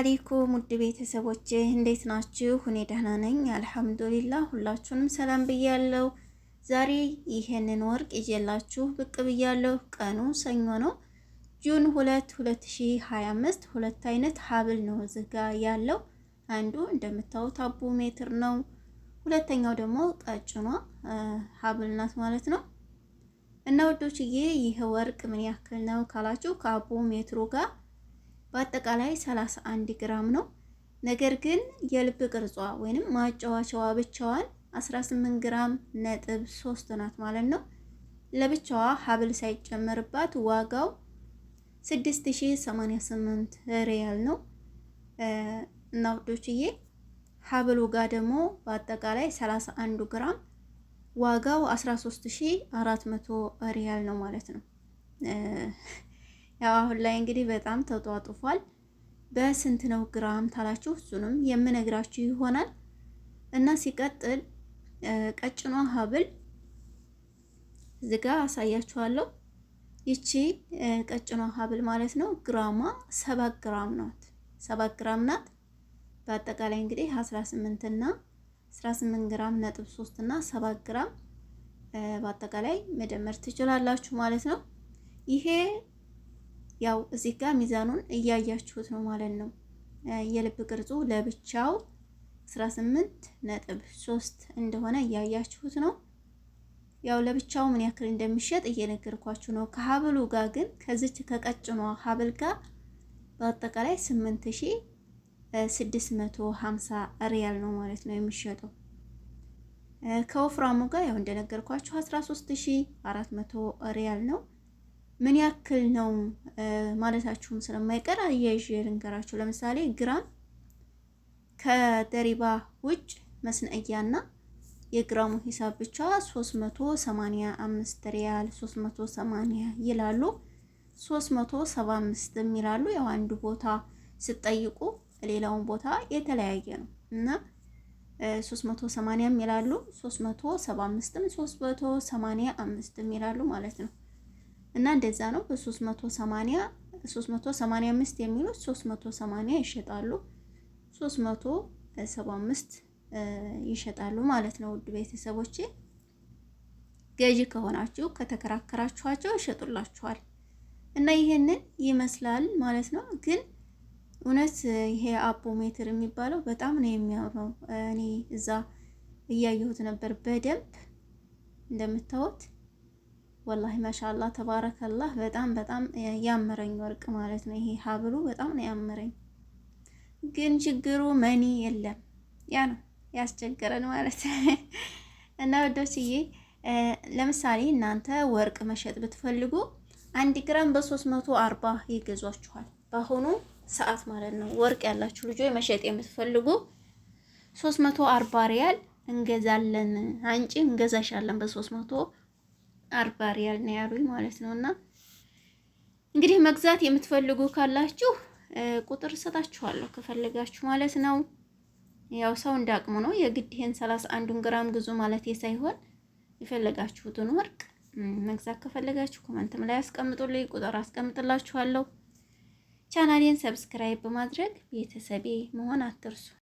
አለይኩም ውድ ቤተሰቦቼ እንዴት ናችሁ? እኔ ደህና ነኝ አልሐምዱሊላህ። ሁላችሁንም ሰላም ብያለሁ። ዛሬ ይሄንን ወርቅ ይዤላችሁ ብቅ ብያለሁ። ቀኑ ሰኞ ነው፣ ጁን ሁለት ሁለት ሺ ሀያ አምስት ሁለት አይነት ሀብል ነው እዚህ ጋ ያለው። አንዱ እንደምታዩት አቡ ሜትር ነው፣ ሁለተኛው ደግሞ ቀጭኗ ሀብል ናት ማለት ነው። እና ውዶችዬ ይህ ወርቅ ምን ያክል ነው ካላችሁ ከአቡ ሜትሩ ጋር በአጠቃላይ 31 ግራም ነው። ነገር ግን የልብ ቅርጿ ወይንም ማጫወቻዋ ብቻዋን 18 ግራም ነጥብ 3 ናት ማለት ነው። ለብቻዋ ሀብል ሳይጨመርባት ዋጋው 6088 ሪያል ነው እና ውዶችዬ ሀብሉ ጋር ደግሞ በአጠቃላይ 31 ግራም ዋጋው 13400 ሪያል ነው ማለት ነው። ያው አሁን ላይ እንግዲህ በጣም ተጧጡፏል። በስንት ነው ግራም ታላችሁ፣ እሱንም የምነግራችሁ ይሆናል እና ሲቀጥል ቀጭኗ ሀብል ዝጋ አሳያችኋለሁ። ይቺ ቀጭኗ ሀብል ማለት ነው ግራማ ሰባት ግራም ናት፣ ሰባት ግራም ናት። በአጠቃላይ እንግዲህ 18 እና 18 ግራም ነጥብ 3 እና 7 ግራም በአጠቃላይ መደመር ትችላላችሁ ማለት ነው ይሄ ያው እዚህ ጋር ሚዛኑን እያያችሁት ነው ማለት ነው። የልብ ቅርጹ ለብቻው 18 ነጥብ 3 እንደሆነ እያያችሁት ነው። ያው ለብቻው ምን ያክል እንደሚሸጥ እየነገርኳችሁ ነው። ከሀብሉ ጋር ግን ከዚች ከቀጭኗ ሀብል ጋር በአጠቃላይ 8650 ሪያል ነው ማለት ነው የሚሸጠው። ከወፍራሙ ጋር ያው እንደነገርኳችሁ 13400 ሪያል ነው። ምን ያክል ነው ማለታችሁም ስለማይቀር አያይዤ ልንገራችሁ። ለምሳሌ ግራም ከደሪባ ውጭ መስነእያና የግራሙ ሂሳብ ብቻ 385 ሪያል 380 ይላሉ። 375 ይላሉ። ያው አንዱ ቦታ ስጠይቁ ሌላውን ቦታ የተለያየ ነው እና 380 ይላሉ፣ 375 385 ይላሉ ማለት ነው። እና እንደዛ ነው። በ380 385 የሚሉት 380 ይሸጣሉ፣ 375 ይሸጣሉ ማለት ነው። ውድ ቤተሰቦቼ ገዢ ከሆናችሁ ከተከራከራችኋቸው ይሸጡላችኋል። እና ይሄንን ይመስላል ማለት ነው። ግን እውነት ይሄ አቦ ሜትር የሚባለው በጣም ነው የሚያምረው። እኔ እዛ እያየሁት ነበር በደንብ እንደምታዩት ወላሂ መሻላ ተባረከላህ። በጣም በጣም ያመረኝ ወርቅ ማለት ነው። ይሄ ሀብሉ በጣም ነው ያመረኝ። ግን ችግሩ መኒ የለም። ያ ነው ያስቸገረን ማለት እና ወዶችዬ፣ ለምሳሌ እናንተ ወርቅ መሸጥ ብትፈልጉ አንድ ግራም በሶስት መቶ አርባ ይገዟችኋል በአሁኑ ሰዓት ማለት ነው። ወርቅ ያላችሁ ልጆች መሸጥ የምትፈልጉ ሶስት መቶ አርባ ሪያል እንገዛለን፣ አንቺ እንገዛሻለን በሶስት መቶ አርባ ሪያል ነው ያሉኝ ማለት ነው። እና እንግዲህ መግዛት የምትፈልጉ ካላችሁ ቁጥር እሰጣችኋለሁ ከፈለጋችሁ ማለት ነው። ያው ሰው እንዳቅሙ ነው። የግድ ይሄን ሰላሳ አንዱን ግራም ግዙ ማለት ሳይሆን የፈለጋችሁትን ወርቅ መግዛት ከፈለጋችሁ ኮመንትም ላይ አስቀምጡልኝ፣ ቁጥር አስቀምጥላችኋለሁ። ቻናሌን ሰብስክራይብ በማድረግ ቤተሰቤ መሆን አትርሱ።